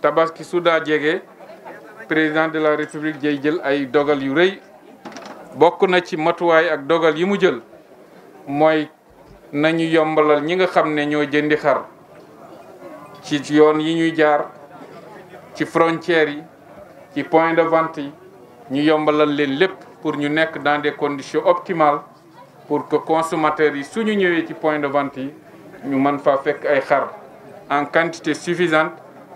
tabaski Souda daa président de la république day jël ay dogal yu reuy bokk na ci matuwaay ak dogal yi mu jël moy nañu yombalal ñi nga xamné ne ñoo jëndi xar ci yoon yi ñuy jaar ci frontières yi ci point de vente yi ñu yombalal leen lepp pour ñu nekk dans des conditions optimales pour que consommateurs yi suñu ñëwé ci point de vente yi ñu man fa fekk ay xar en quantité suffisante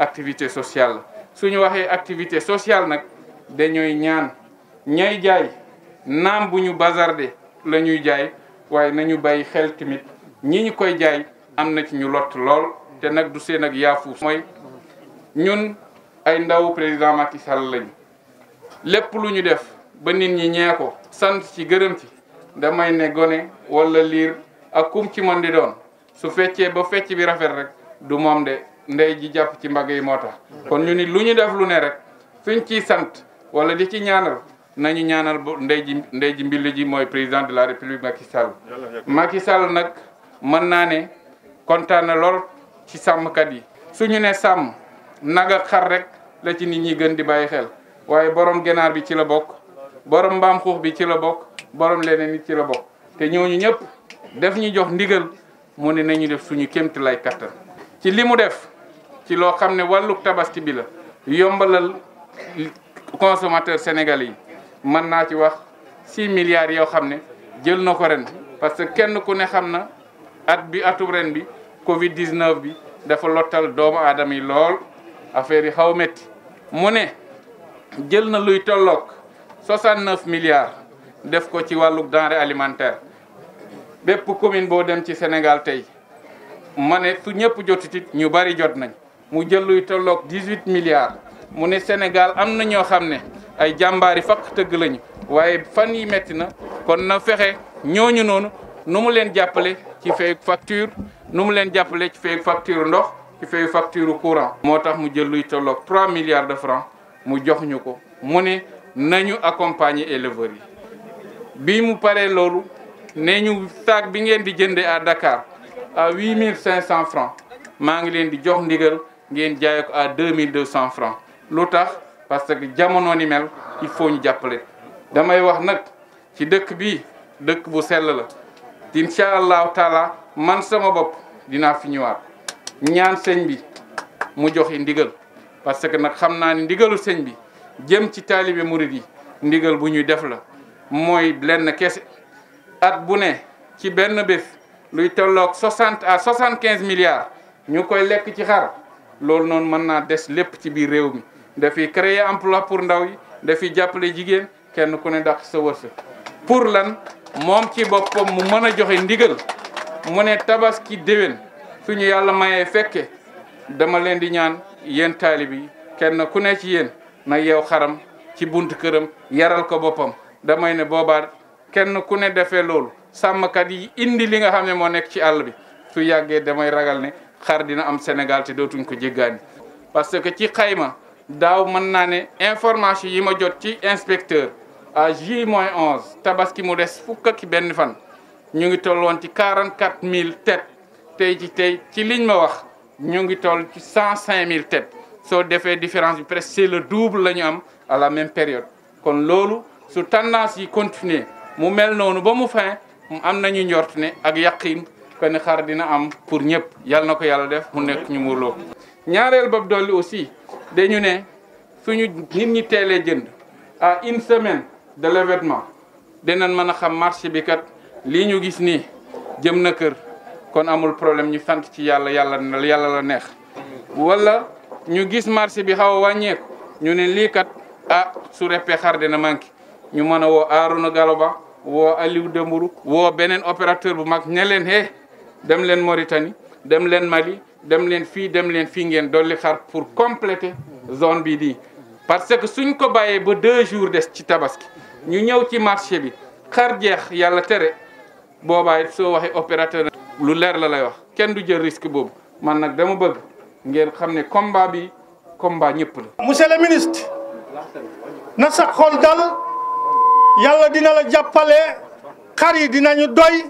activité sociale la suñu waxee activité sociale nag dañooy ñaan ñay jaay naam bu ñu bazarde la ñuy jaay waaye nañu bàyyi xel tamit ñi ñu koy jaay am na ci ñu lott lool te nag du seen ak yaafuus mooy ñun ay ndawu président Macky Sall lañu lépp lu ñu def ba nit ñi ñee ko sant ci gërëm ci damay ne gone walla liir ak kum ci mën di doon su feccee ba fecc bi rafet rek du moom de ndey ji jàpp ci mbagg yi moo tax kon ñu ni lu ñu def lu ne rek suñ ci sant wala di ci ñaanal nañu ñaanal ba ndey ji ndey ji mbill mooy président de la république Macky Sall Macky Sall nag mën naa ne kontaan na lool ci sàmmkat yi suñu ne sàmm nag ak xar rek la ci nit ñi gën di bàyyi xel waaye borom ganaar bi ci la bokk borom mbaam xuux bi ci la bokk borom leneen ci la bokk te ñooñu ñëpp def ñu jox ndigal mu ne nañu def suñu kéemtalaay kattan ci li mu def ci loo xam ne wàllu tabaski bi la yombalal consommateur sénégal yi mën naa ci wax six milliards yoo xam ne jël na ko ren parce que kenn ku ne xam na at bi atu ren bi Covid 19 bi dafa lottal doomu aadama yi lool affaire yi xaw métti mu ne jël na luy tolloog 69 milliards def ko ci wàllu denrée alimentaire bépp commune boo dem ci Sénégal tey. ma ne su ñëpp jotutit ñu bari jot nañ mu jël luy tolloog dix-huit milliards mu ne Sénégal am na ñoo xam ne ay jàmbaari fakk tëgg lañu waaye fan yi metti na kon na fexe ñooñu noonu nu mu leen jàppale ci fay facture nu mu leen jàppale ci fay facture ndox ci fay facture courant. moo tax mu jël luy tolloog trois milliards de francs mu jox ñu ko mu ne nañu accompagner éleveurs yi bi mu paree loolu nee ñu saag bi ngeen di jëndee à dakaar à 8500 francs Manglin di jox ndigal ngeen à 2200 francs lu parce que jamono ni mel il faut ñu jappalé. damay wax nak ci bi dëkk bu sell la taala man sama ñaan bi mu ndigal parce que nak xamna ni ndigalu señ bi jëm ci yi ndigal luy tolloog soixante à soixante quinze milliards ñu koy lekk ci xar loolu noonu mën naa des lépp ci biir réew mi dafiy créer emploi pour ndaw yi dafiy jàppale jigéen kenn ku ne ndax sa wërsë pour lan moom ci boppam mu mën a joxe ndigal mu ne tabaski déwén suñu yàlla mayee fekke dama leen di ñaan yéen taalib yi kenn ku ne ci yéen na yeew xaram ci bunt këram yaral ko boppam damay ne boobaa kenn ku ne defee loolu sàmmkat yi indi li nga xam ne moo nekk ci àll bi su yàggee damay ragal ne xar dina am Sénégal te dootuñ ko jéggaani parce que ci xayma daaw man naa ne information yi ma jot ci inspecteur à J moins 11 tabaski mu des fukk ak benn fan ñu ngi tolloon ci 44000 têtes tey ci tey ci liñ ma wax ñu ngi toll ci mille têtes soo defee différence bi presque c'est le double la ñu am à la même période kon loolu su tendance yi continuer mu mel noonu ba mu fin am nañu ñort ne ak yaqin ko ne xar dina am pour ñëpp yal nako yalla def mu nekk ñu muurloo. ñaarel bab dolli aussi ñu ne suñu nit ñi télé jënd à une semaine de l'événement de nan a xam marché bi kat li ñu gis ni jëm na kër kon amul problème ñu sant ci yalla yalla na yalla la neex wala ñu gis marché bi xaw a ñu ne li kat ah su répé xar dina manki ñu mëna a aruna galoba woo Aliou Dembourou woo beneen opérateur bu mag ña leen hee dem leen Mauritanie dem leen Mali dem leen fii dem leen fii ngeen dolli xar pour compléter zone bii di parce que suñ ko bàyyee ba deux jours des ci tabaski ñu ñëw ci marché bi xar jeex yàlla tere boobaay soo waxee opérateur lu leer la lay wax kenn du jël risque boobu man nag dama bëgg ngeen xam ne combat bi combat ñëpp la. ministre na sa dal. yàlla dina la jàppale xar yi dinañu doy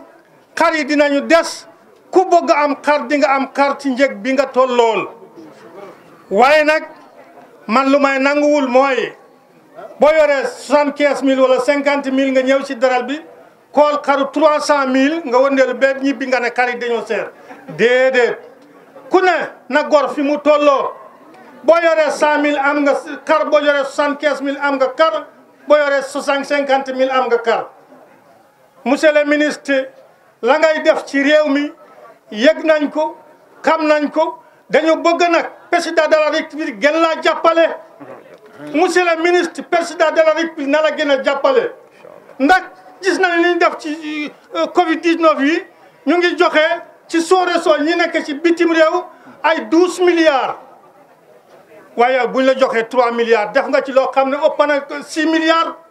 xar yi dinañu des ku bëgg am xar di nga am xar ci njëg bi nga tollool waaye nag man lu may nanguwul mooy boo yoree soixante quinze mille wala cinquante mille nga ñëw ci daral bi kool xaru trois cent mille nga wëndeelu benn ñibbi nga ne xar yi dañoo seer déedéet ku ne na gor fi mu tolloo boo yore cent mille am nga xar boo yoree soixante quinze mille am nga xar boo yoree soixante cinquante mille am nga kar monsieur ministre la ngay def ci réew mi yëg nañ ko xam nañ ko dañu bëgg nag président de la république gën laa jàppale monsieur le ministre président de la république na la gën a jàppale ndax gis nañ li def ci euh, covid 19 yi ñu ngi joxe ci sous-région ñi nekke ci bitim réew ay douze milliards waaye buñ la joxee 3 milliards def nga ci loo xam ne ëpp na 6 milliards